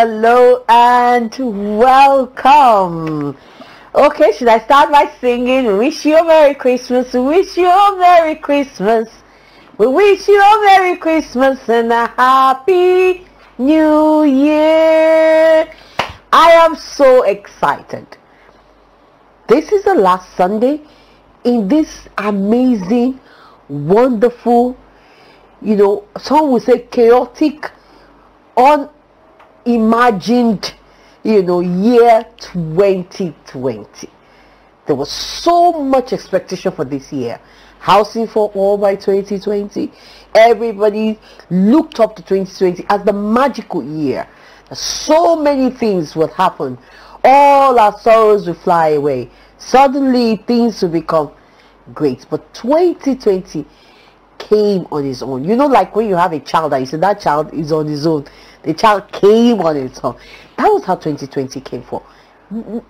Hello and welcome. Okay, should I start by singing? Wish you a Merry Christmas, wish you a Merry Christmas. We wish you a Merry Christmas and a Happy New Year. I am so excited. This is the last Sunday in this amazing, wonderful, you know, some would say chaotic, on imagined, you know, year 2020. There was so much expectation for this year. Housing for all by 2020. Everybody looked up to 2020 as the magical year. So many things would happen. All our sorrows will fly away. Suddenly things will become great. But 2020 came on his own. You know, like when you have a child that you say that child is on his own. The child came on its own. That was how 2020 came for.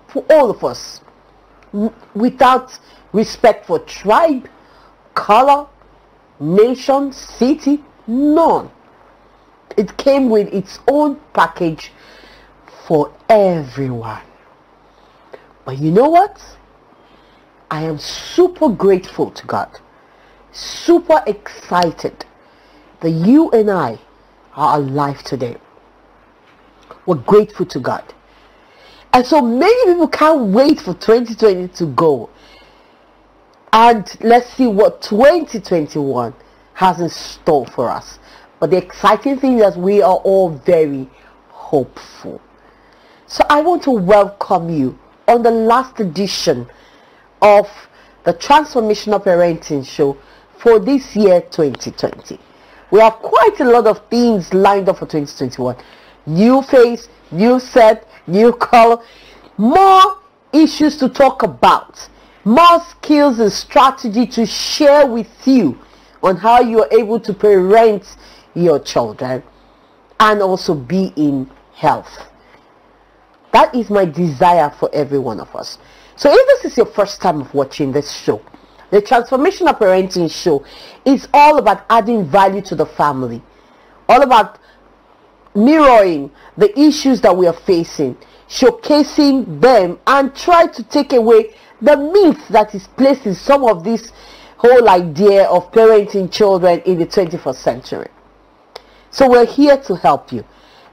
For all of us. Without respect for tribe, color, nation, city, none. It came with its own package for everyone. But you know what? I am super grateful to God super excited that you and I are alive today. We're grateful to God. And so many people can't wait for 2020 to go. And let's see what 2021 has in store for us. But the exciting thing is we are all very hopeful. So I want to welcome you on the last edition of the Transformational Parenting Show for this year 2020. We have quite a lot of things lined up for 2021. New face, new set, new color, more issues to talk about, more skills and strategy to share with you on how you are able to parent your children and also be in health. That is my desire for every one of us. So if this is your first time of watching this show, the Transformational Parenting Show is all about adding value to the family, all about mirroring the issues that we are facing, showcasing them, and try to take away the myth that is placed in some of this whole idea of parenting children in the 21st century. So we're here to help you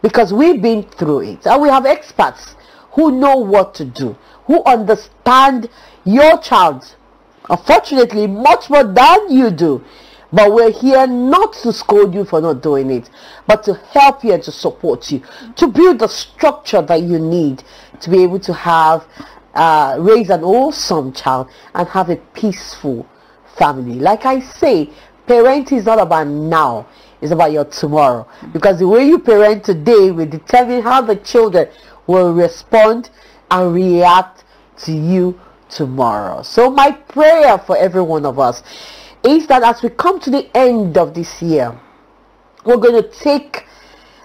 because we've been through it and we have experts who know what to do, who understand your child's unfortunately much more than you do. But we're here not to scold you for not doing it, but to help you and to support you, to build the structure that you need to be able to have, uh, raise an awesome child and have a peaceful family. Like I say, parenting is not about now, it's about your tomorrow. Because the way you parent today will determine how the children will respond and react to you tomorrow. So my prayer for every one of us is that as we come to the end of this year, we're going to take,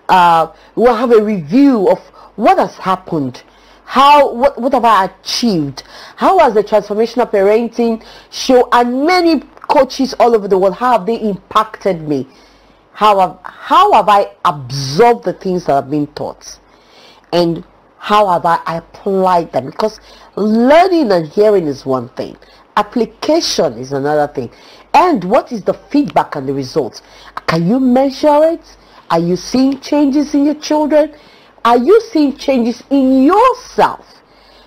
uh, we'll have a review of what has happened. How, what, what have I achieved? How has the transformational parenting show and many coaches all over the world, how have they impacted me? How have, how have I absorbed the things that have been taught? And how have I applied them? Because learning and hearing is one thing, application is another thing. And what is the feedback and the results? Can you measure it? Are you seeing changes in your children? Are you seeing changes in yourself?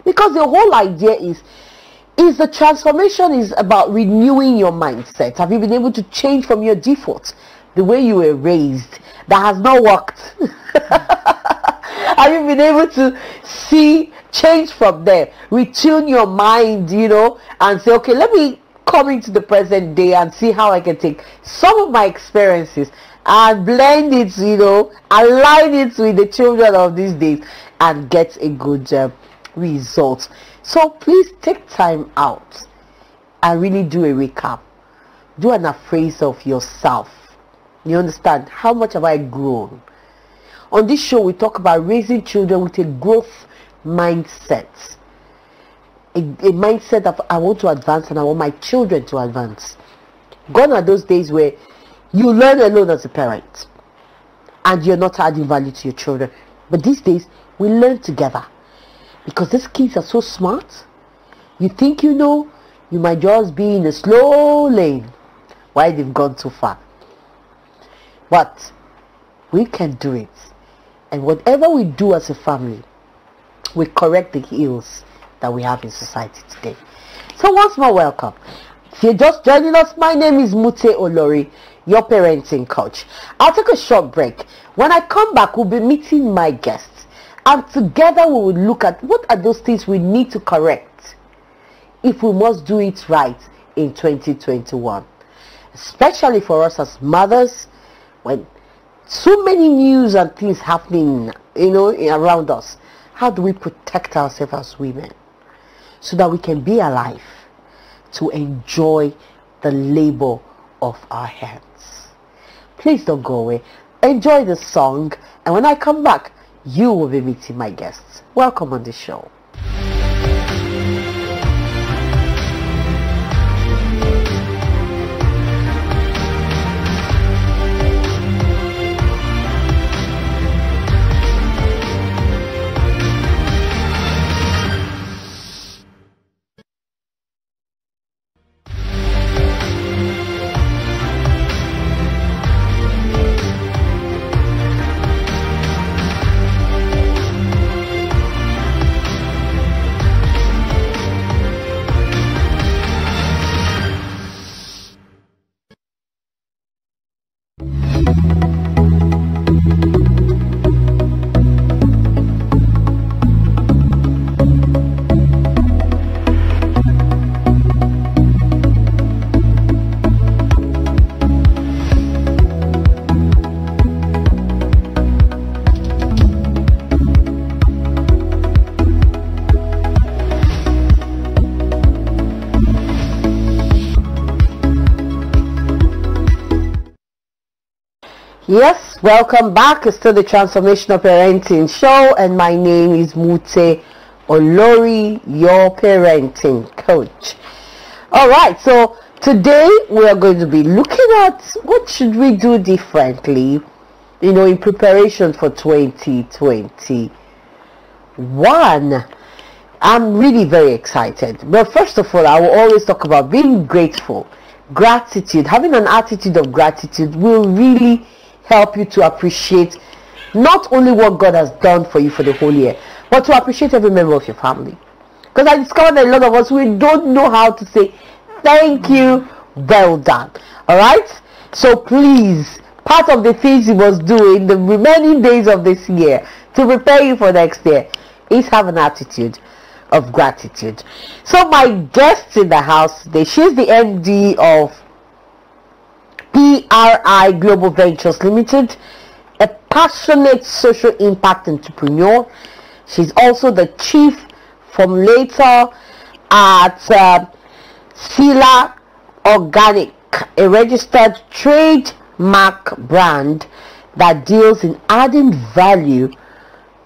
Because the whole idea is is the transformation is about renewing your mindset. Have you been able to change from your default, the way you were raised that has not worked? Have you been able to see change from there? Retune your mind, you know, and say, okay, let me come into the present day and see how I can take some of my experiences and blend it, you know, align it with the children of these days and get a good uh, result. So please take time out and really do a recap. Do an appraisal of yourself. You understand? How much have I grown? On this show, we talk about raising children with a growth mindset. A, a mindset of I want to advance and I want my children to advance. Gone are those days where you learn alone as a parent and you're not adding value to your children. But these days, we learn together because these kids are so smart. You think you know, you might just be in a slow lane why they've gone too far. But we can do it. And whatever we do as a family, we correct the ills that we have in society today. So once more, welcome. If you're just joining us, my name is Mute Olori, your parenting coach. I'll take a short break. When I come back, we'll be meeting my guests. And together we will look at what are those things we need to correct if we must do it right in 2021. Especially for us as mothers, when so many news and things happening you know around us how do we protect ourselves as women so that we can be alive to enjoy the labor of our hands please don't go away enjoy the song and when i come back you will be meeting my guests welcome on the show Yes, welcome back. It's still the Transformational Parenting Show, and my name is Mute Olori, your parenting coach. All right, so today we are going to be looking at what should we do differently, you know, in preparation for 2021. I'm really very excited. But first of all, I will always talk about being grateful. Gratitude, having an attitude of gratitude will really help you to appreciate not only what God has done for you for the whole year, but to appreciate every member of your family. Because I discovered that a lot of us, we don't know how to say, thank you, well done. All right? So please, part of the things you must do in the remaining days of this year to prepare you for next year is have an attitude of gratitude. So my guest in the house today, she's the MD of PRI Global Ventures Limited, a passionate social impact entrepreneur. She's also the chief formulator at uh, Sila Organic, a registered trademark brand that deals in adding value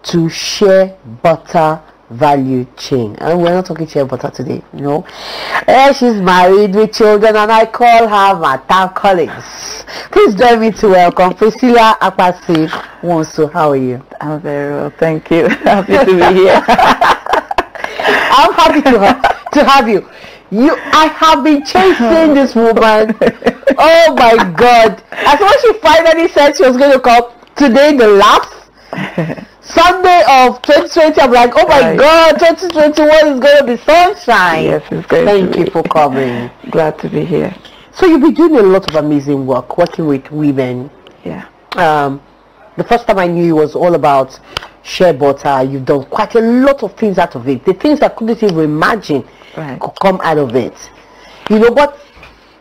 to shea butter value chain. And we're not talking chair butter today, you know. Eh, she's married with children and I call her Mata colleagues. Please join me to welcome Priscilla Apasi Wonsu. How are you? I'm very well, thank you. Happy to be here. I'm happy to have, to have you. You, I have been chasing this woman. Oh my God! As as she finally said she was going to come today, the last. Sunday of 2020, I'm like, oh my right. God, 2021 is going to be sunshine. Yes, it's going Thank to you be. for coming. Glad to be here. So you've been doing a lot of amazing work, working with women. Yeah. Um, the first time I knew you was all about share butter. You've done quite a lot of things out of it. The things I couldn't even imagine right. could come out of it. You know, but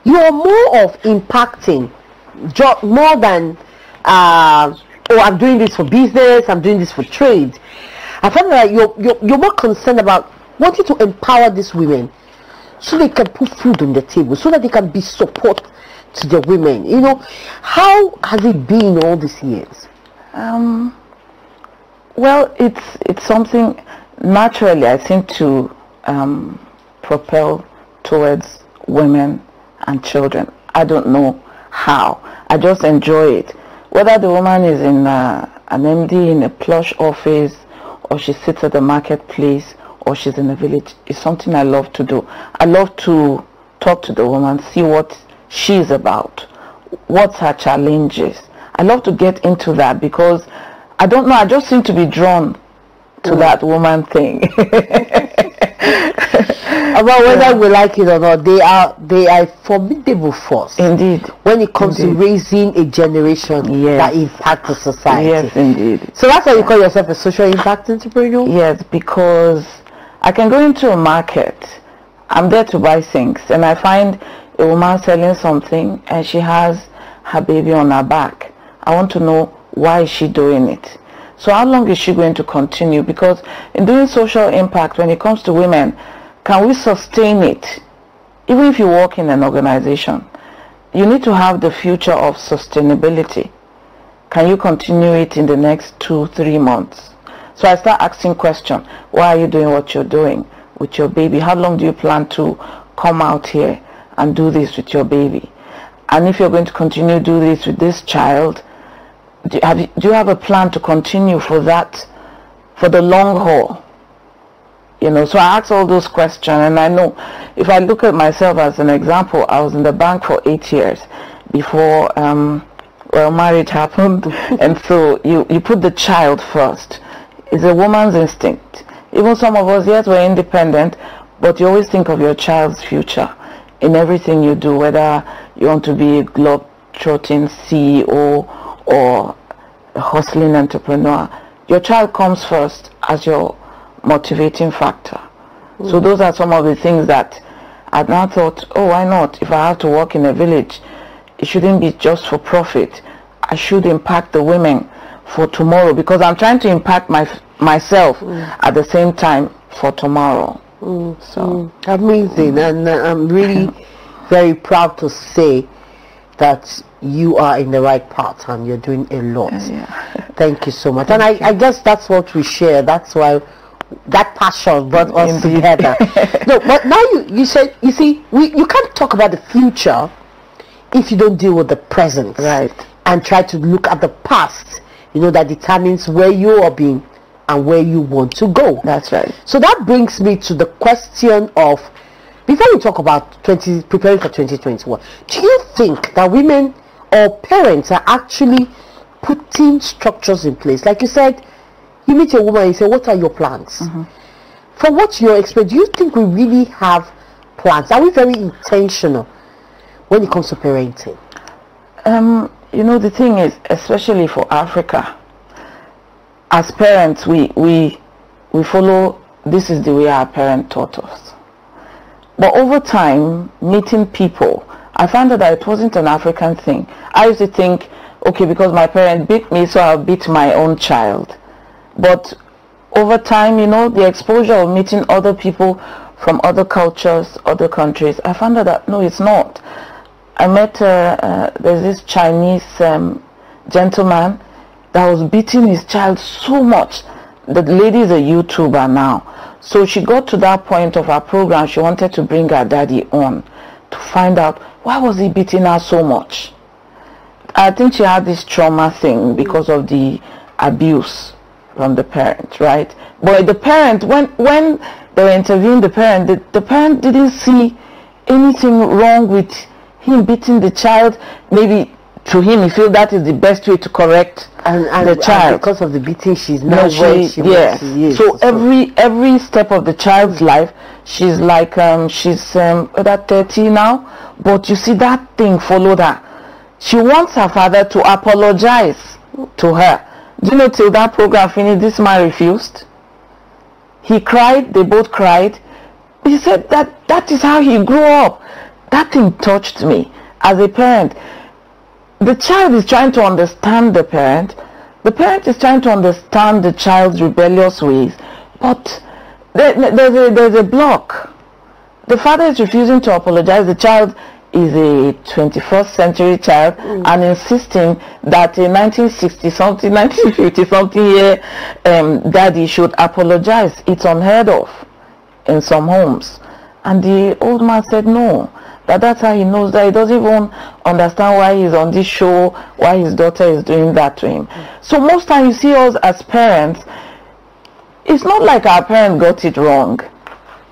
you're more of impacting, more than uh, oh, I'm doing this for business, I'm doing this for trade. I find that you're, you're, you're more concerned about wanting to empower these women so they can put food on the table, so that they can be support to the women. You know, how has it been all these years? Um, well, it's it's something naturally I seem to um, propel towards women and children. I don't know how. I just enjoy it. Whether the woman is in uh, an MD in a plush office or she sits at the marketplace or she's in a village is something I love to do. I love to talk to the woman, see what she's about, what's her challenges. I love to get into that because I don't know, I just seem to be drawn to mm. that woman thing. About whether yeah. we like it or not, they are they are formidable force. Indeed. When it comes indeed. to raising a generation yes. that impacts society. Yes, indeed. So that's why you call yourself a social impact entrepreneur. Yes, because I can go into a market. I'm there to buy things, and I find a woman selling something, and she has her baby on her back. I want to know why is she doing it. So how long is she going to continue? Because in doing social impact, when it comes to women, can we sustain it? Even if you work in an organization, you need to have the future of sustainability. Can you continue it in the next two, three months? So I start asking questions. Why are you doing what you're doing with your baby? How long do you plan to come out here and do this with your baby? And if you're going to continue to do this with this child, do you, have, do you have a plan to continue for that, for the long haul? you know so i ask all those questions and i know if i look at myself as an example i was in the bank for eight years before um, well marriage happened and so you you put the child first it's a woman's instinct even some of us yes we're independent but you always think of your child's future in everything you do whether you want to be a globetrotting trotting ceo or a hustling entrepreneur your child comes first as your motivating factor. Mm. So mm-hmm. those are some of the things that I now thought, oh, why not? If I have to work in a village, it shouldn't be just for profit. I should impact the women for tomorrow because I'm trying to impact my myself mm. at the same time for tomorrow. Mm. So mm. amazing, mm. and uh, I'm really very proud to say that you are in the right path and you're doing a lot. Yeah. Thank you so much. Thank and I, I guess that's what we share. That's why that passion brought us Indeed. together. no, but now you, you said, you see, we, you can't talk about the future if you don't deal with the present. Right. And try to look at the past, you know, that determines where you are being and where you want to go. That's right. So that brings me to the question of, before we talk about 20, preparing for 2021, do you think that women or parents are actually putting structures in place? Like you said, you meet a woman and you say, What are your plans? Mm-hmm. what you expect, do you think we really have plans? Are we very intentional when it comes to parenting? Um, you know, the thing is, especially for Africa, as parents, we, we, we follow this is the way our parent taught us. But over time, meeting people, I found out that it wasn't an African thing. I used to think, okay, because my parent beat me, so I'll beat my own child but over time you know the exposure of meeting other people from other cultures other countries i found out that no it's not i met uh, uh, there's this chinese um, gentleman that was beating his child so much the lady is a youtuber now so she got to that point of her program she wanted to bring her daddy on to find out why was he beating her so much i think she had this trauma thing because of the abuse from the parent, right? But the parent, when, when they were interviewing the parent, the, the parent didn't see anything wrong with him beating the child. Maybe to him, he feel that is the best way to correct and, and the child. And because of the beating, she's not no, where she, yes. So, so, every every step of the child's life, she's like um, she's um, about thirty now, but you see that thing followed her. She wants her father to apologize to her do you know till that program finished, this man refused. He cried, they both cried. He said that that is how he grew up. That thing touched me as a parent. The child is trying to understand the parent. The parent is trying to understand the child's rebellious ways. But there, there's, a, there's a block. The father is refusing to apologize. The child is a 21st century child mm. and insisting that a 1960 something 1950 something year um, daddy should apologize it's unheard of in some homes and the old man said no that that's how he knows that he doesn't even understand why he's on this show why his daughter is doing that to him mm. so most time you see us as parents it's not like our parents got it wrong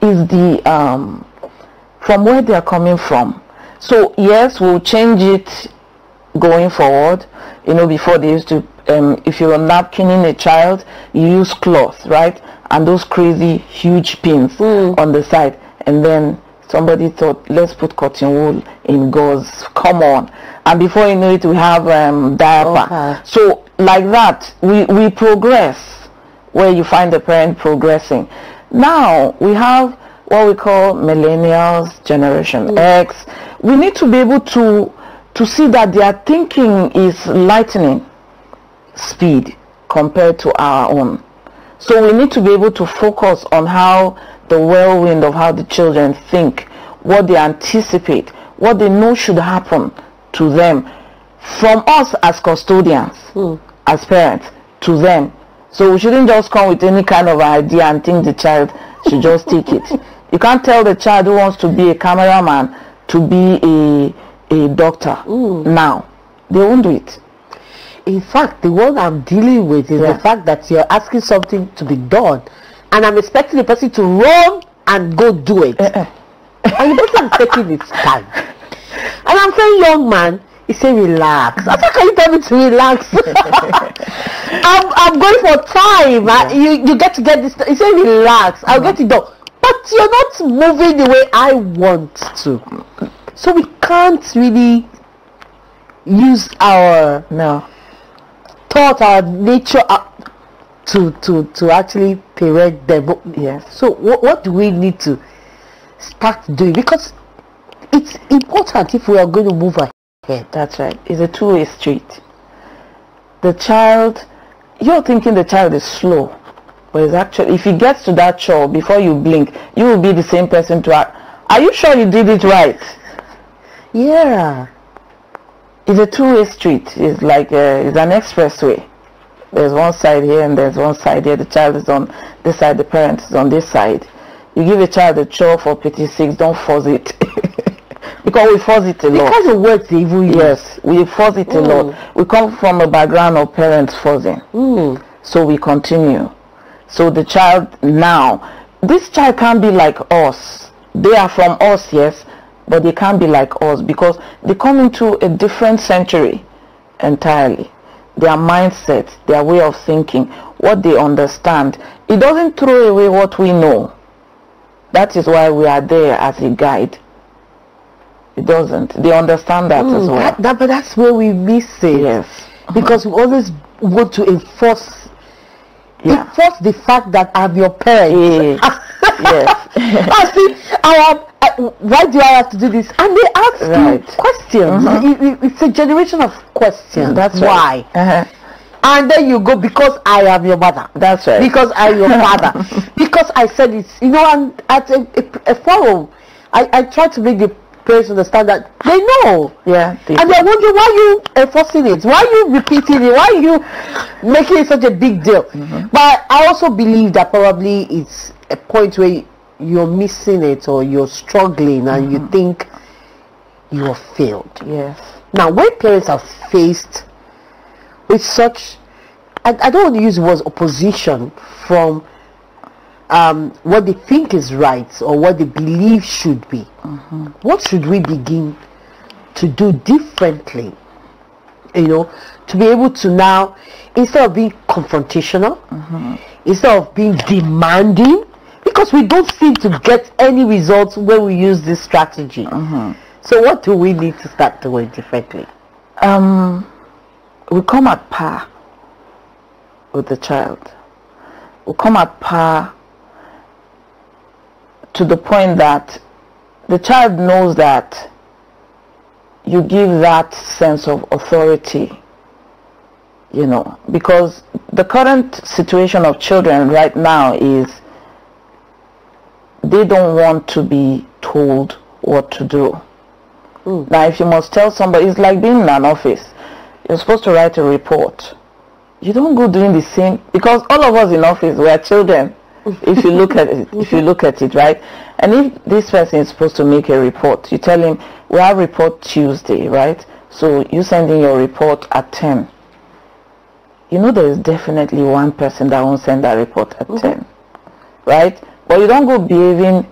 it's the um, from where they are coming from so yes, we'll change it going forward. You know, before they used to, um, if you were napkining a child, you use cloth, right? And those crazy huge pins mm. on the side, and then somebody thought, let's put cotton wool in gauze. Come on! And before you know it, we have um, diaper. Okay. So like that, we we progress where you find the parent progressing. Now we have what we call millennials, Generation mm. X. We need to be able to to see that their thinking is lightning speed compared to our own. So we need to be able to focus on how the whirlwind of how the children think, what they anticipate, what they know should happen to them from us as custodians, mm. as parents, to them. So we shouldn't just come with any kind of idea and think the child should just take it. You can't tell the child who wants to be a cameraman to be a, a doctor mm. now. They won't do it. In fact, the one I'm dealing with is yeah. the fact that you're asking something to be done and I'm expecting the person to run and go do it. Uh-uh. and the person is taking its time. And I'm saying, young man, he said, relax. I said, can you tell me to relax? I'm, I'm going for time. Yeah. I, you, you get to get this. He said, relax. I'll get it done you're not moving the way I want to. So we can't really use our no. thought, our nature uh, to, to, to actually parent them. Yeah. So what, what do we need to start doing? Because it's important if we are going to move ahead. That's right. It's a two-way street. The child, you're thinking the child is slow but it's actually if he gets to that chore before you blink you will be the same person to act. are you sure you did it right yeah it's a two-way street it's like a, uh, it's an expressway there's one side here and there's one side here the child is on this side the parent is on this side you give a child a chore for pity do don't force it because we force it a lot because the words even yes we force it a lot mm. we come from a background of parents forcing mm. so we continue so the child now, this child can't be like us. They are from us, yes, but they can't be like us because they come into a different century entirely. Their mindset, their way of thinking, what they understand. It doesn't throw away what we know. That is why we are there as a guide. It doesn't. They understand that mm, as well. That, that, but that's where we miss it. Yes. Because we always want to enforce yeah. It's just the fact that I'm your parent. Yeah. yes. I see, I am. I, why do I have to do this? And they ask right. you questions. Mm-hmm. It, it, it's a generation of questions. Mm, that's why. Right. Uh-huh. And then you go because I am your mother. That's right. Because I am your father. because I said it. You know, and at a, a, a forum, I, I try to make the parents understand that they know. Yeah. They and do. they wonder why you enforcing it, why you repeating it, why you making it such a big deal. Mm -hmm. But I also believe that probably it's a point where you're missing it or you're struggling and mm -hmm. you mm-hmm. think you have failed. Yes. Now, when parents are faced with such, I, I don't want to use the words opposition from um, what they think is right or what they believe should be. Mm-hmm. What should we begin to do differently? You know, to be able to now, instead of being confrontational, mm-hmm. instead of being demanding, because we don't seem to get any results when we use this strategy. Mm-hmm. So, what do we need to start doing differently? Um, we come at par with the child. We come at par to the point that the child knows that you give that sense of authority you know because the current situation of children right now is they don't want to be told what to do mm. now if you must tell somebody it's like being in an office you're supposed to write a report you don't go doing the same because all of us in office we are children if you look at it, if you look at it, right? And if this person is supposed to make a report, you tell him we have report Tuesday, right? So you send in your report at ten. You know there is definitely one person that won't send that report at mm-hmm. ten, right? But you don't go behaving,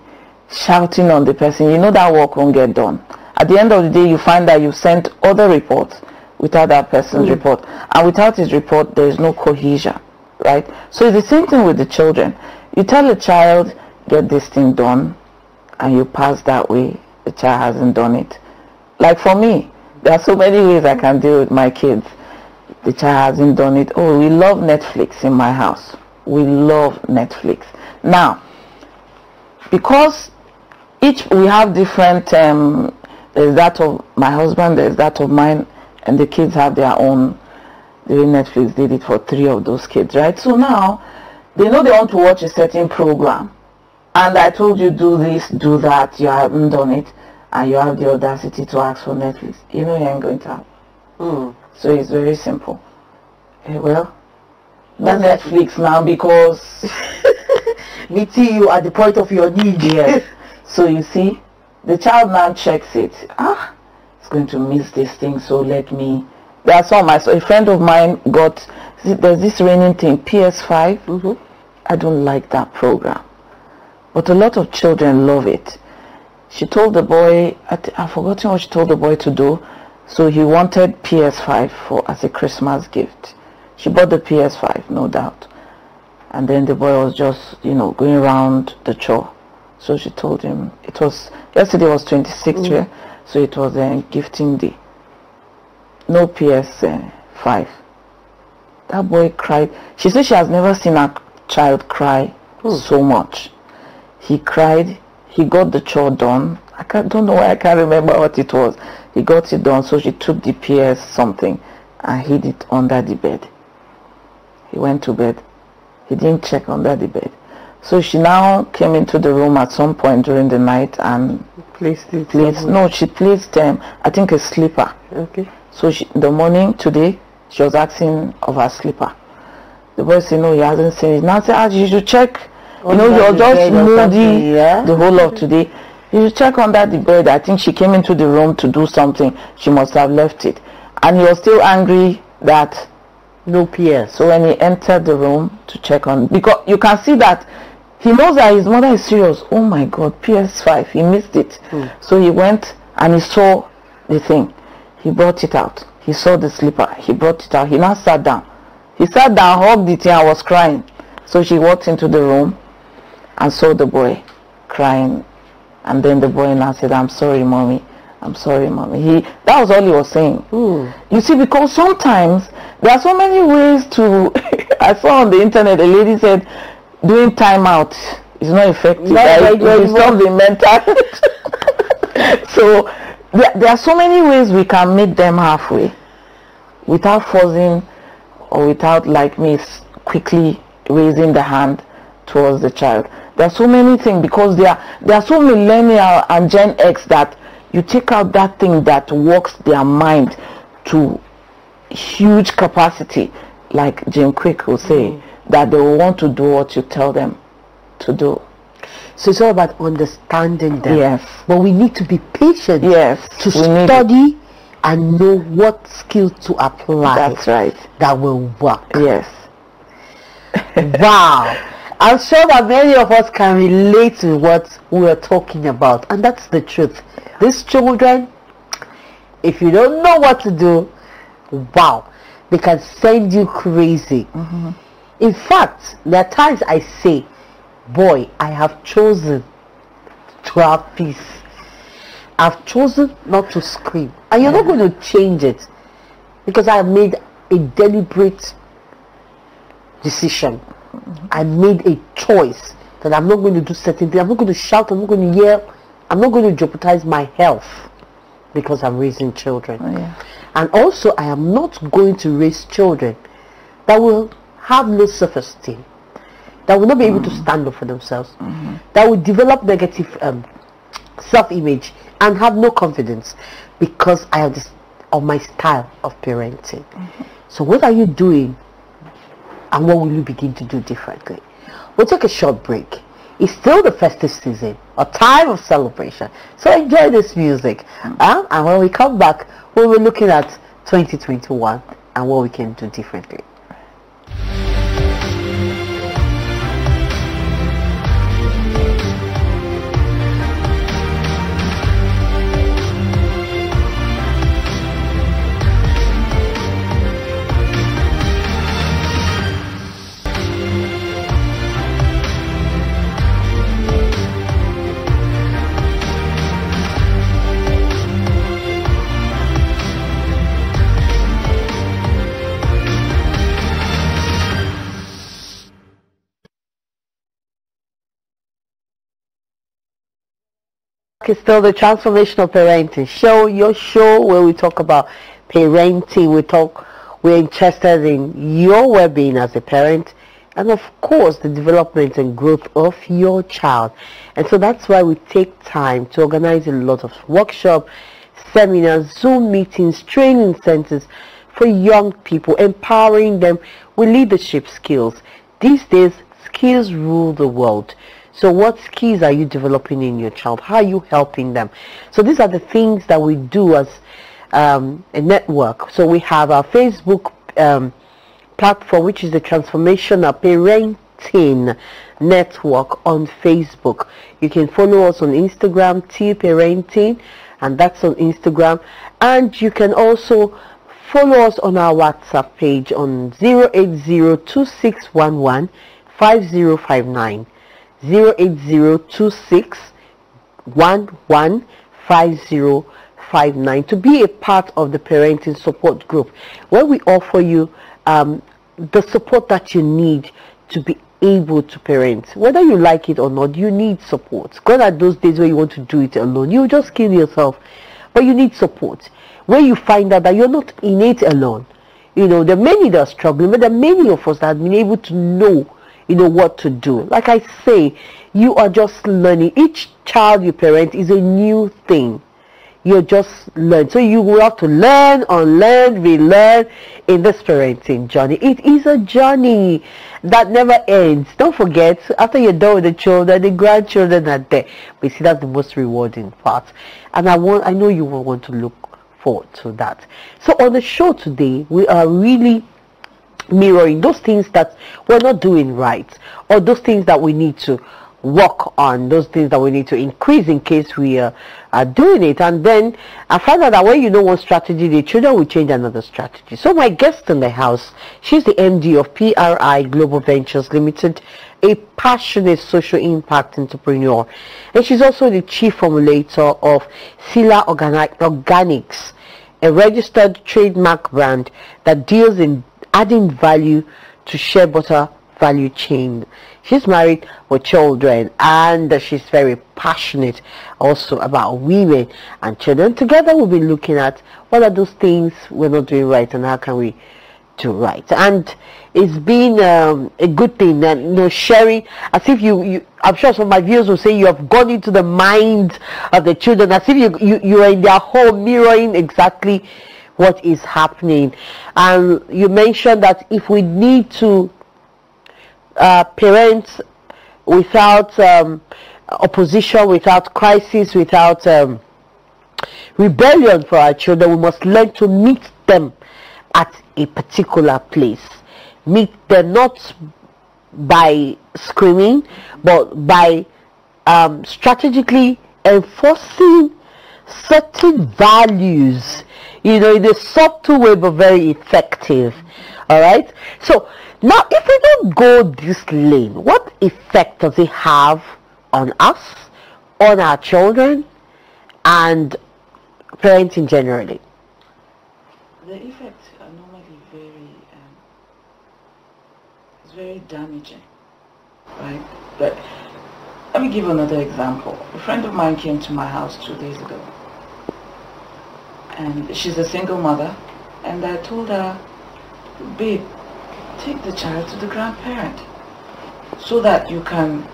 shouting on the person. You know that work won't get done. At the end of the day, you find that you sent other reports without that person's mm-hmm. report, and without his report, there is no cohesion right? So it's the same thing with the children. You tell a child, get this thing done, and you pass that way, the child hasn't done it. Like for me, there are so many ways I can deal with my kids. The child hasn't done it. Oh, we love Netflix in my house. We love Netflix. Now, because each we have different um, there's that of my husband, there's that of mine, and the kids have their own. The way Netflix did it for three of those kids, right? So now they know they want to watch a certain program and I told you do this, do that, you haven't done it and you have the audacity to ask for Netflix, you know you ain't going to have. Mm. So it's very simple. Eh, well, not Netflix now because me see you at the point of your need. Yes. so you see, the child now checks it. Ah, it's going to miss this thing, so let me. That's all my. So a friend of mine got. There's this raining thing, PS5. Mm -hmm. I don't like that program. But a lot of children love it. She told the boy, I I've forgotten what she told the boy to do. So he wanted PS5 for as a Christmas gift. She bought the PS5, no doubt. And then the boy was just, you know, going around the chore. So she told him it was yesterday was 26th mm. year, so it was a gifting day. No PS5. That boy cried. She said she has never seen her child cry so much. He cried, he got the chore done. I can't, don't know why I can't remember what it was. He got it done, so she took the PS something and hid it under the bed. He went to bed. He didn't check under the bed. So she now came into the room at some point during the night and placed it. Placed, no, she placed them. Um, I think a slipper. Okay. So she, the morning today, she was asking of her slipper. The boy said, no, he hasn't seen it. Now I said, ah, you should check. You know, you're just moody yeah? the whole of today. You should check under the bed. I think she came into the room to do something. She must have left it. And you're still angry that... No PS. So when he entered the room to check on... Because you can see that he knows that his mother is serious. Oh my God, PS5. He missed it. Hmm. So he went and he saw the thing. He brought it out. He saw the slipper. He brought it out. He now sat down. He sat down, hugged the thing, and was crying. So she walked into the room and saw the boy crying. And then the boy now said, I'm sorry, mommy. I'm sorry, mommy. He, that was all he was saying. Ooh. Hmm. You see, because sometimes there are so many ways to. I saw on the internet a lady said, doing timeout is not effective. Not right? It's not the mental. so there, there are so many ways we can meet them halfway without forcing or without like me quickly raising the hand towards the child. There are so many things because there are, there are so millennial and Gen X that you take out that thing that works their mind to huge capacity, like Jim Quick will say, mm -hmm. that they will want to do what you tell them to do. So it's all about understanding them. Yes. But we need to be patient. Yes. To study and know what skill to apply. That's right. That will work. Yes. wow. I'm sure that many of us can relate to what we are talking about, and that's the truth. These children, if you don't know what to do, wow, they can send you crazy. Mm -hmm. In fact, there are times I say, boy, I have chosen to have peace. I've chosen not to scream. And you're yeah. not going to change it because I made a deliberate decision. Mm-hmm. I made a choice that I'm not going to do certain things. I'm not going to shout. I'm not going to yell. I'm not going to jeopardize my health because I'm raising children. Oh, yeah. And also, I am not going to raise children that will have no self-esteem, that will not be mm-hmm. able to mm. stand up for themselves, mm-hmm. that will develop negative um, self-image, and have no confidence because I have this of my style of parenting. Mm -hmm. So what are you doing and what will you begin to do differently? We'll take a short break. It's still the festive season, a time of celebration. So enjoy this music. Mm -hmm. uh, and when we come back, we'll be looking at 2021 and what we can do differently. It's still the transformational parenting show, your show where we talk about parenting. We talk, we're interested in your well-being as a parent and of course the development and growth of your child. And so that's why we take time to organize a lot of workshops, seminars, Zoom meetings, training centers for young people, empowering them with leadership skills. These days, skills rule the world. So what skills are you developing in your child? How are you helping them? So these are the things that we do as um, a network. So we have our Facebook um, platform, which is the Transformational Parenting Network on Facebook. You can follow us on Instagram, T Parenting, and that's on Instagram. And you can also follow us on our WhatsApp page on 080 5059 Zero eight zero two six one one five zero five nine to be a part of the parenting support group where we offer you um, the support that you need to be able to parent whether you like it or not you need support Because at those days where you want to do it alone you just kill yourself but you need support where you find out that you're not in it alone you know there are many that are struggling but there are many of us that have been able to know you know what to do like i say you are just learning each child you parent is a new thing you just learn so you will have to learn unlearn relearn in this parenting journey it is a journey that never ends don't forget after you're done with the children the grandchildren are there We see that's the most rewarding part and i want i know you will want to look forward to that so on the show today we are really mirroring those things that we're not doing right or those things that we need to work on those things that we need to increase in case we uh, are doing it and then i find out that when you know one strategy the children will change another strategy so my guest in the house she's the md of pri global ventures limited a passionate social impact entrepreneur and she's also the chief formulator of sila Organic organics a registered trademark brand that deals in adding value to shea butter value chain. She's married with children and uh, she's very passionate also about women and children. Together we'll be looking at what are those things we're not doing right and how can we do right. And it's been um, a good thing and you know sharing as if you, you I'm sure some of my viewers will say you have gone into the mind of the children as if you, you, you are in their home mirroring exactly what is happening. And you mentioned that if we need to uh, parent without um, opposition, without crisis, without um, rebellion for our children, we must learn to meet them at a particular place. Meet them not by screaming, but by um, strategically enforcing certain values you know, in a subtle way, but very effective. All right. So now, if we don't go this lane, what effect does it have on us, on our children, and parenting generally? The effects are normally very, um, it's very damaging, right? But let me give another example. A friend of mine came to my house two days ago and she's a single mother. And I told her, babe, take the child to the grandparent so that you can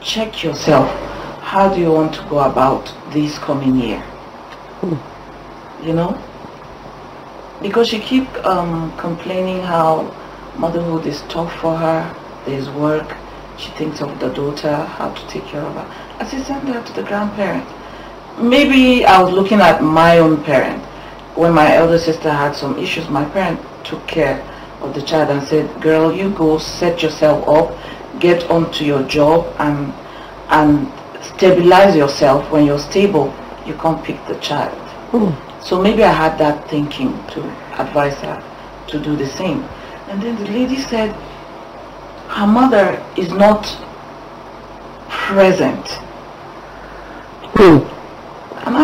check yourself. How do you want to go about this coming year? Hmm. You know? Because she keep um, complaining how motherhood is tough for her, there's work, she thinks of the daughter, how to take care of her. I said, send her to the grandparent maybe I was looking at my own parent. When my elder sister had some issues, my parent took care of the child and said, girl, you go set yourself up, get onto your job and, and stabilize yourself. When you're stable, you can pick the child. Ooh. So maybe I had that thinking to advise her to do the same. And then the lady said, her mother is not present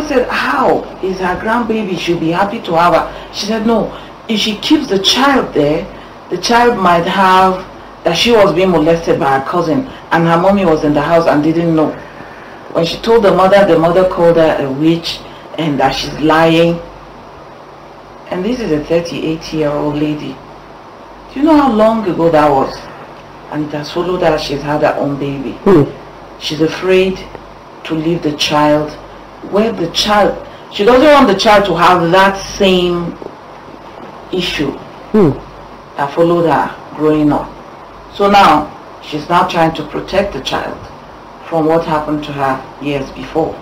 I said, how is her grandbaby? She'll be happy to have her. She said, no. If she keeps the child there, the child might have that she was being molested by her cousin and her mommy was in the house and didn't know. When she told the mother, the mother called her a witch and that she's lying. And this is a 38 year old lady. Do you know how long ago that was? And it has followed her. She's had her own baby. Hmm. She's afraid to leave the child where the child, she doesn't want the child to have that same issue hmm. that followed her growing up. So now she's now trying to protect the child from what happened to her years before.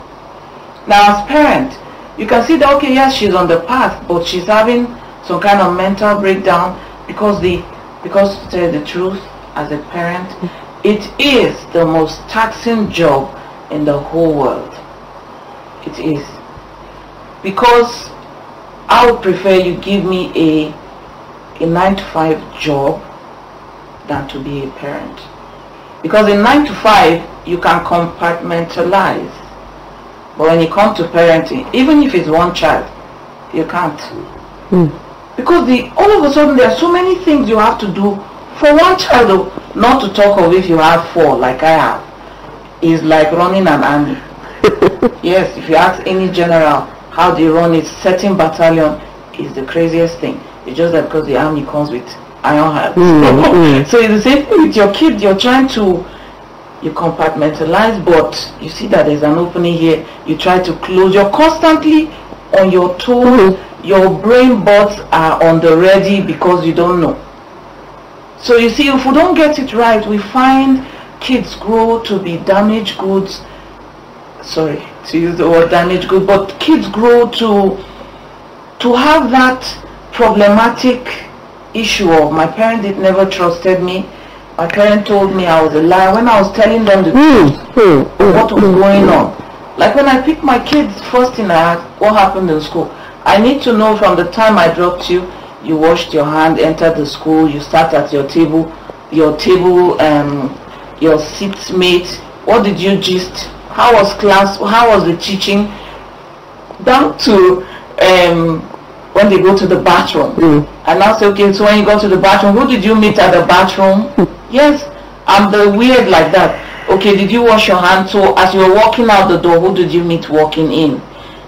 Now as parent, you can see that, okay, yes, she's on the path, but she's having some kind of mental breakdown because the, because to tell the truth, as a parent, it is the most taxing job in the whole world it is. Because I would prefer you give me a, a 9 to 5 job than to be a parent. Because in 9 to 5, you can compartmentalize. But when you come to parenting, even if it's one child, you can't. Mm. Because the, all of a sudden there are so many things you have to do for one child, not to talk of if you have four like I have, is like running an army yes, if you ask any general how they run a certain battalion, is the craziest thing. It's just that because the army comes with iron hands. Mm, mm, so it's the same thing with your kid. You're trying to you compartmentalize, but you see that there's an opening here. You try to close. You're constantly on your toes. Mm-hmm. Your brain bots are on the ready because you don't know. So you see, if we don't get it right, we find kids grow to be damaged goods sorry to use the word damage, good. but kids grow to to have that problematic issue of my parent did never trusted me. My parent told me I was a liar when I was telling them the hmm, hmm, truth, hmm, what was going on. Like when I picked my kids first thing I asked what happened in school. I need to know from the time I dropped you, you washed your hand, entered the school, you sat at your table, your table, um, your seatmate. What did you just? how was class how was the teaching down to um, when they go to the bathroom mm. and i say okay so when you go to the bathroom who did you meet at the bathroom mm. yes i'm the weird like that okay did you wash your hands so as you were walking out the door who did you meet walking in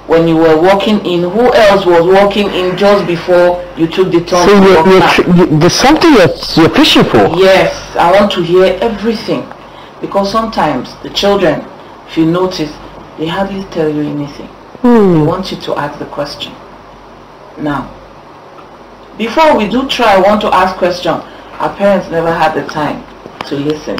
when you were walking in, who else was walking in just before you took the turn? So you're, you're you, there's something you're, you're fishing for. Yes, I want to hear everything because sometimes the children if you notice, they hardly tell you anything. Mm. They want you to ask the question. Now, before we do try, I want to ask question. Our parents never had the time to listen.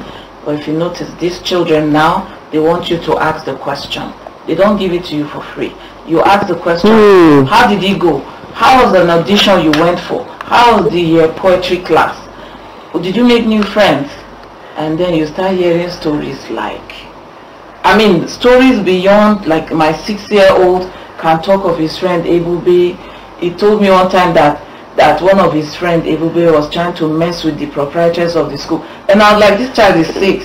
But if you notice, these children now, they want you to ask the question. They don't give it to you for free. You ask the question, mm. how did it go? How was an audition you went for? How was the uh, poetry class? did you make new friends? And then you start hearing stories like, I mean, stories beyond, like my six-year-old can talk of his friend Ebube. He told me one time that, that one of his friend Ebube was trying to mess with the proprietors of the school. And I was like, this child is six.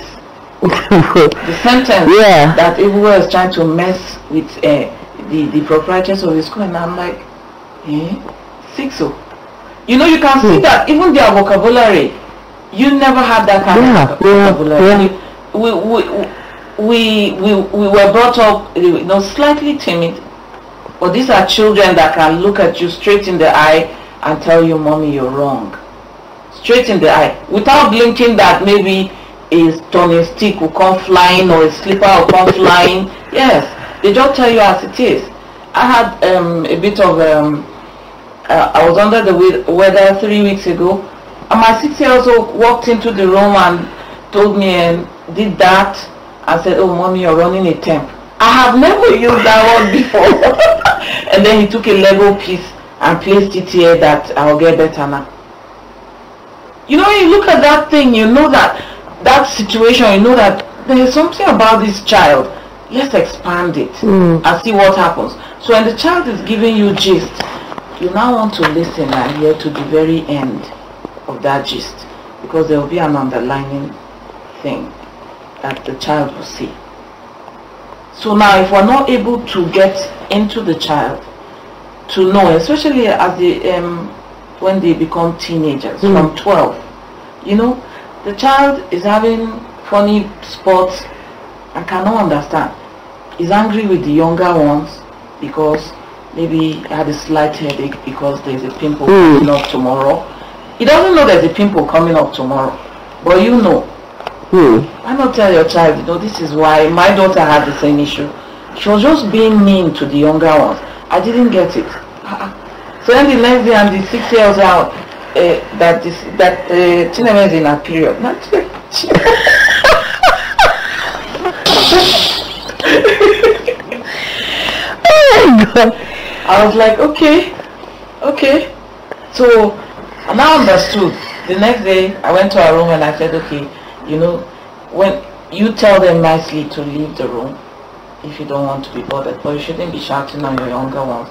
the sentence yeah. that Ebube was trying to mess with uh, the, the proprietors of the school. And I'm like, eh? Six oh. You know, you can see hmm. that even their vocabulary, you never had that kind yeah, of vocabulary. yeah. We, we, we, we, we, we were brought up, you know, slightly timid, but these are children that can look at you straight in the eye and tell you, mommy, you're wrong. Straight in the eye. Without blinking that maybe a turning stick will come flying or a slipper will come flying. Yes, they just tell you as it is. I had um, a bit of, um, uh, I was under the weather three weeks ago. And my six years old walked into the room and told me and um, did that I said, Oh, mommy, you're running a temp. I have never used that word before. and then he took a Lego piece and placed it here that I'll get better now. You know, you look at that thing, you know that that situation, you know that there is something about this child. Let's expand it mm. and see what happens. So when the child is giving you gist, you now want to listen and hear to the very end of that gist because there will be an underlining thing that the child will see. So now if we're not able to get into the child to know, especially as the, um, when they become teenagers, mm. from 12, you know, the child is having funny spots and cannot understand. Is angry with the younger ones because maybe had a slight headache because there's a pimple mm. coming up tomorrow. He doesn't know there's a pimple coming up tomorrow, but you know Hmm. Why not tell your child, you know, this is why my daughter had the same issue. She was just being mean to the younger ones. I didn't get it. Uh-uh. So then the next day I'm the six years old uh, eh, that this, that uh, eh, Chineme is in her period. Not oh my God. I was like, okay, okay. So now I understood. The next day I went to her room and I said, okay, you know, when you tell them nicely to leave the room if you don't want to be bothered, but you shouldn't be shouting on your younger ones.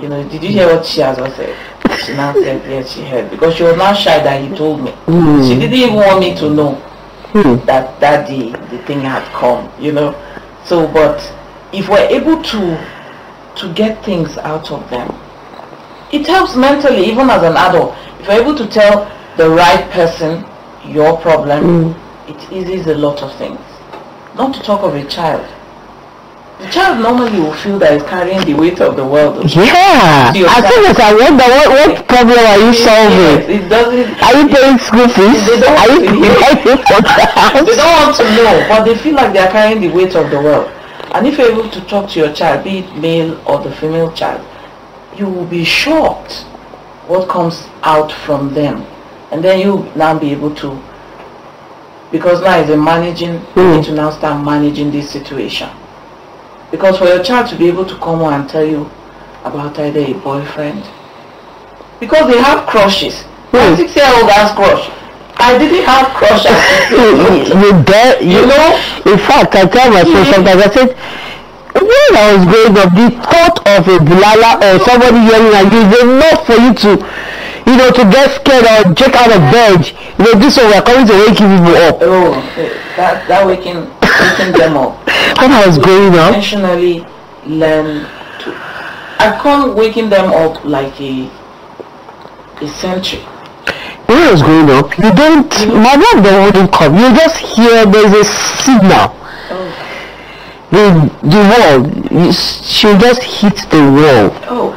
You know, did you hear what she has said? She now said, yes, she heard. Because she was not shy that he told me. Mm. She didn't even want me to know mm. that that the, the thing had come, you know. So, but if we're able to to get things out of them, it helps mentally, even as an adult. If you're able to tell the right person your problem, mm. it eases a lot of things. Not to talk of a child. The child normally will feel that it's carrying the weight of the world. Yeah. I think as I wonder what, what problem are you solving? Yes, it doesn't. Are you paying school fees? They don't, are you paying they don't want to know, but they feel like they are carrying the weight of the world. And if you're able to talk to your child, be it male or the female child, you will be shocked what comes out from them and then you now be able to because now is a managing mm. you need hmm. to now start managing this situation because for your child to be able to come on and tell you about either a boyfriend because they have crushes mm. six year old has crush I didn't have crush at You, dare, you, you know? In fact, I tell myself mm. sometimes, I said, when I was growing up, the thought of a bulala or somebody yelling at you is enough for you to you know, to get scared or check out of bed. You know, this one we're coming to wake you up. Oh, eh, that, that waking, waking them up. When I was growing up. Intentionally learn to. I call waking them up like a, a century. When I was growing up, you don't, my mom wouldn't come. You just hear there's a signal. Oh. The, the wall, she'll just hit the wall. Oh.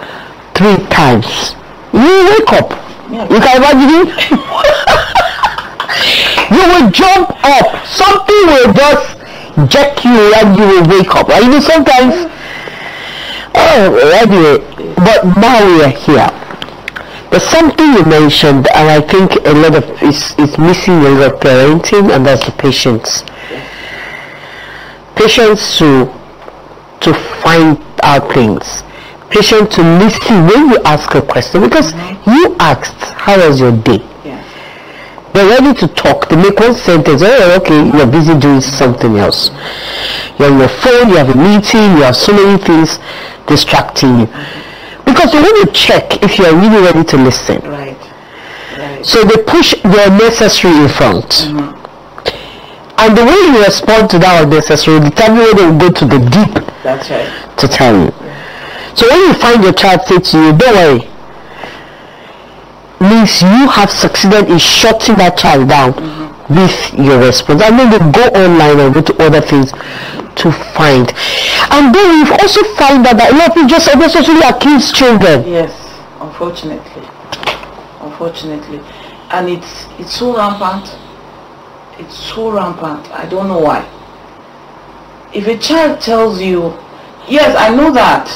Three times you wake up. Yeah. You can imagine You will jump up. Something will just jack you and you will wake up. I You know, sometimes, oh, anyway, but now we are here. But something you mentioned, and I think a lot of is is missing a lot of parenting, and that's the patience. Patience to to find out things patient to listen when you ask a question because mm-hmm. you asked, how was your day? Yes. They're ready to talk. They make one sentence. Oh, okay, you're busy doing something else. You're on your phone, you have a meeting, you have so many things distracting you. Because they want to check if you're really ready to listen. Right. right. So they push their necessary in front. Mm-hmm. And the way you respond to that unnecessary will determine whether you go to the deep That's right. to tell you. So when you find your child say to you, don't worry, means you have succeeded in shutting that child down mm-hmm. with your response. And then they go online and go to other things to find. And then we've also found that, a lot of people just unnecessarily accuse children. Yes, unfortunately. Unfortunately. And it's it's so rampant. It's so rampant. I don't know why. If a child tells you, yes, I know that,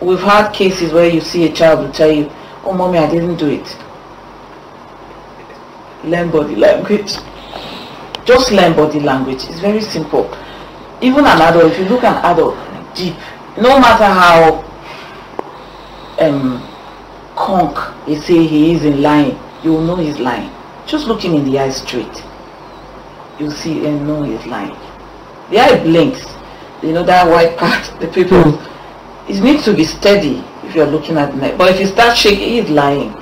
We've had cases where you see a child will tell you, oh mommy, I didn't do it. Learn body language. Just learn body language. It's very simple. Even an adult, if you look an adult deep, no matter how um, conk he say he is in lying, you will know he's lying. Just look him in the eye straight. You see and eh, know he's lying. The eye blinks. You know that white part, the people it needs to be steady if you're looking at neck. But if you start shaking, he's lying.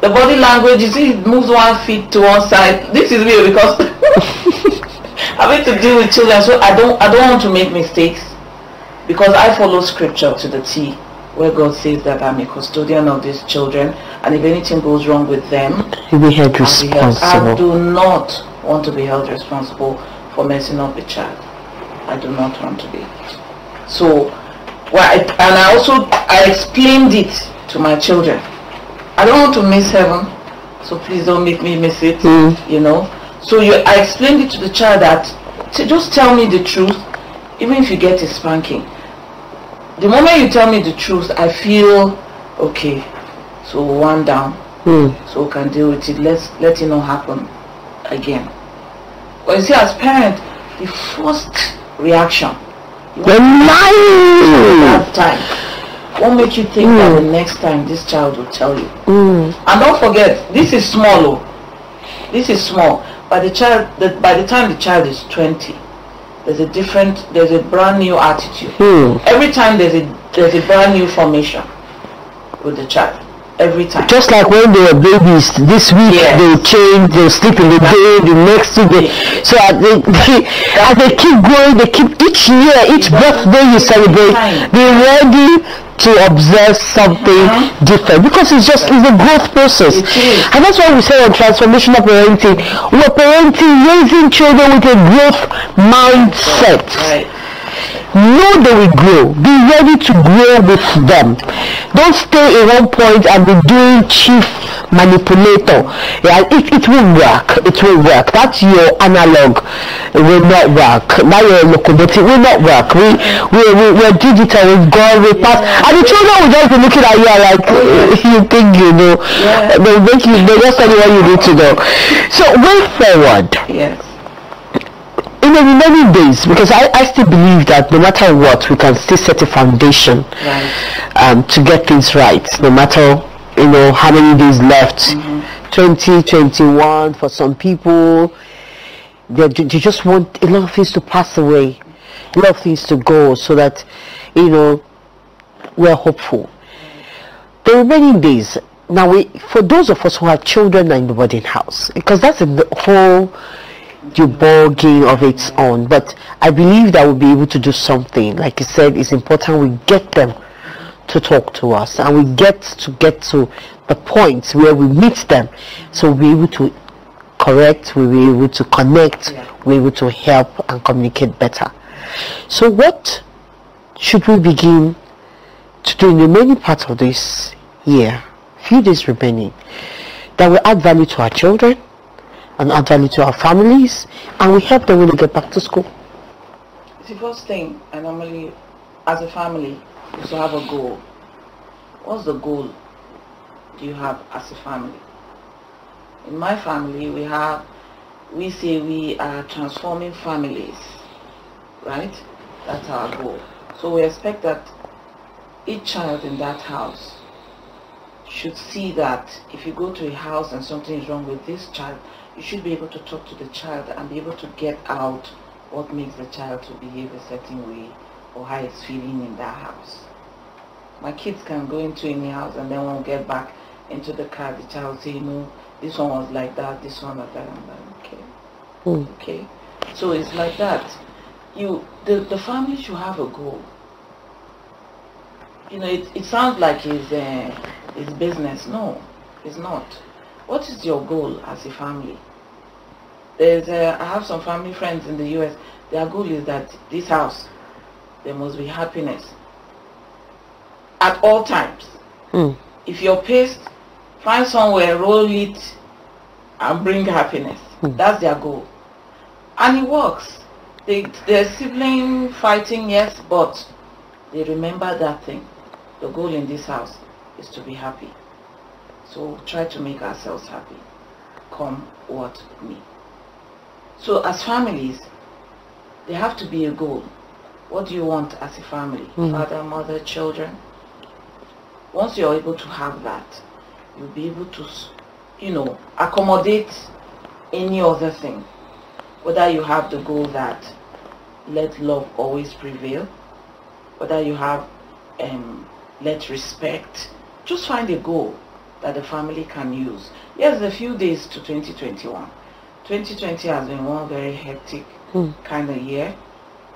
The body language you see, it moves one feet to one side. This is me because I mean to deal with children, so I don't I don't want to make mistakes because I follow scripture to the T where God says that I'm a custodian of these children and if anything goes wrong with them you be held responsible. I do not want to be held responsible for messing up a child. I do not want to be. So well, I, and I also I explained it to my children. I don't want to miss heaven, so please don't make me miss it. Mm. You know. So you, I explained it to the child that just tell me the truth, even if you get a spanking. The moment you tell me the truth, I feel okay. So one down. Mm. So we can deal with it. Let's let it not happen again. Well, you see, as parent, the first reaction you're lying. Last time. What makes you think mm. that the hmm. next time this child will tell you? Mm. And don't forget, this is small. Oh. This is small. By the child, the, by the time the child is 20, there's a different, there's a brand new attitude. Mm. Every time there's a there's a brand new formation with the child every time. Just like when they were babies, this week yes. they change, they sleep in the day, the next two they, so as they, they as they keep growing, they keep each year, each birthday you celebrate, They're ready to observe something uh -huh. different because it's just it's a growth process and that's why we say on transformational parenting we're parenting raising children with a growth mindset right know they will grow be ready to grow with them don't stay in one point and be doing chief manipulator yeah, it, it will work it will work that's your analog it will not work now your it will not work we, we, we, we're digital we've gone we pass yeah. and the children will just be looking at you like you think you know yeah. they'll make you they just tell you what you need to know so way forward yes in the remaining days, because I, I still believe that no matter what, we can still set a foundation right. um, to get things right, no matter you know how many days left. Mm-hmm. 20, 21 for some people. They, they just want a lot of things to pass away, a lot of things to go, so that you know we're hopeful. The remaining days. Now, we, for those of us who have children in the wedding house, because that's the whole debugging of its own but i believe that we'll be able to do something like you said it's important we get them to talk to us and we get to get to the points where we meet them so we'll be able to correct we'll be able to connect yeah. we'll be able to help and communicate better so what should we begin to do in the remaining part of this year few days remaining that will add value to our children and add value to our families and we help them when they get back to school. The first thing I normally, as a family, is to have a goal. What's the goal you have as a family? In my family, we have, we say we are transforming families, right? That's our goal. So we expect that each child in that house should see that if you go to a house and something is wrong with this child, you should be able to talk to the child and be able to get out what makes the child to behave a certain way or how it's feeling in that house. My kids can go into any house and then when we get back into the car, the child say, no, this one was like that, this one was like that, and like, okay. Mm. Okay? So it's like that. You, the, the family should have a goal. You know, it, it sounds like it's, uh, it's business. No, it's not what is your goal as a family? There's, uh, I have some family friends in the U.S. Their goal is that this house, there must be happiness at all times. Mm. If you're pissed, find somewhere, roll it, and bring happiness. Mm. That's their goal, and it works. They, they're sibling fighting, yes, but they remember that thing. The goal in this house is to be happy. So try to make ourselves happy, come what may. So as families, they have to be a goal. What do you want as a family? Mm Father, mother, children. Once you're able to have that, you'll be able to, you know, accommodate any other thing. Whether you have the goal that let love always prevail, whether you have um, let respect, just find a goal that the family can use. Yes, a few days to 2021. 2020 has been one very hectic mm. kind of year,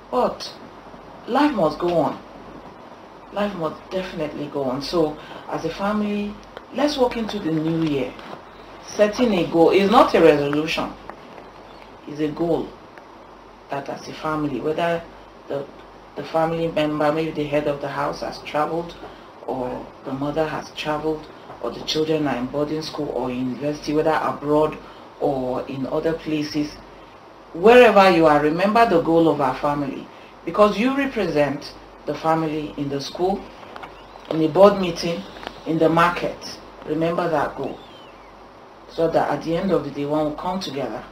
but life must go on. Life must definitely go on. So as a family, let's walk into the new year. Setting a goal is not a resolution. It's a goal that as a family, whether the, the family member, maybe the head of the house has traveled or the mother has traveled, or the children are in boarding school or university, whether abroad or in other places, wherever you are, remember the goal of our family because you represent the family in the school, in the board meeting, in the market. Remember that goal so that at the end of the day when we come together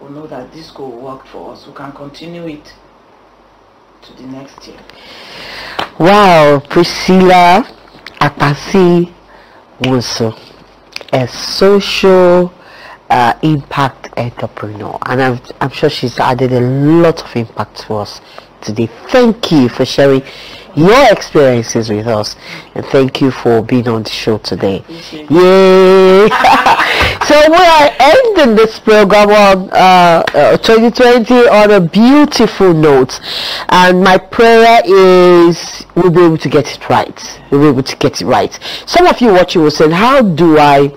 we know that this goal worked for us we can continue it to the next year wow priscilla apasi also, a social uh, impact entrepreneur, and I'm, I'm sure she's added a lot of impact to us today. Thank you for sharing your experiences with us, and thank you for being on the show today. Yay! So we are ending this program on uh, uh, 2020 on a beautiful note, and my prayer is we'll be able to get it right. We'll be able to get it right. Some of you watching will say, "How do I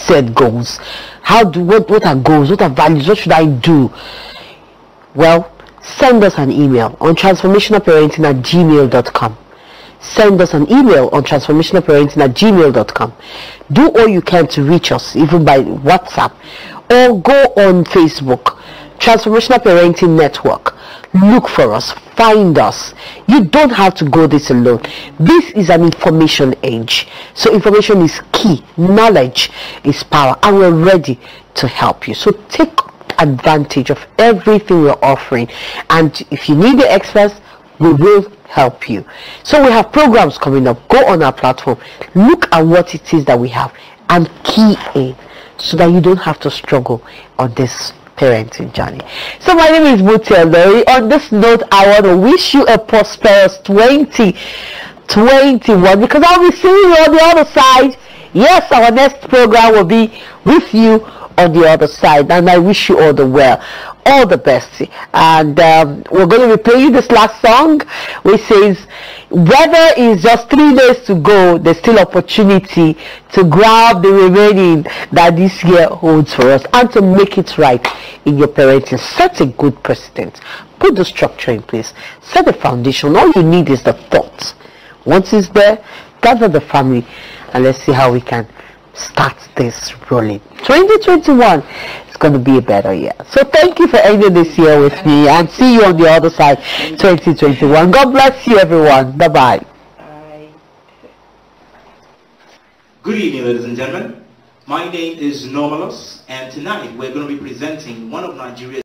set goals? How do what? What are goals? What are values? What should I do?" Well, send us an email on transformationalparenting at gmail.com. Send us an email on transformationalparenting at gmail.com do all you can to reach us even by whatsapp or go on facebook transformational parenting network look for us find us you don't have to go this alone this is an information age so information is key knowledge is power and we're ready to help you so take advantage of everything we're offering and if you need the experts we will help you. So we have programs coming up. Go on our platform, look at what it is that we have, and key in so that you don't have to struggle on this parenting journey. So my name is Mutia Lori. On this note, I want to wish you a prosperous 2021 because I'll be seeing you on the other side. Yes, our next program will be with you on the other side. And I wish you all the well, all the best. And um, we're going to replay this last song, which says, "Weather is just three days to go, there's still opportunity to grab the remaining that this year holds for us and to make it right in your parenting. Set a good precedent. Put the structure in place. Set the foundation. All you need is the thought. Once it's there, gather the family and let's see how we can start this rolling. 2021 is going to be a better year. So thank you for ending this year with me and see you on the other side 2021. God bless you everyone. Bye bye. Good evening ladies and gentlemen. My name is Normalos and tonight we're going to be presenting one of Nigeria's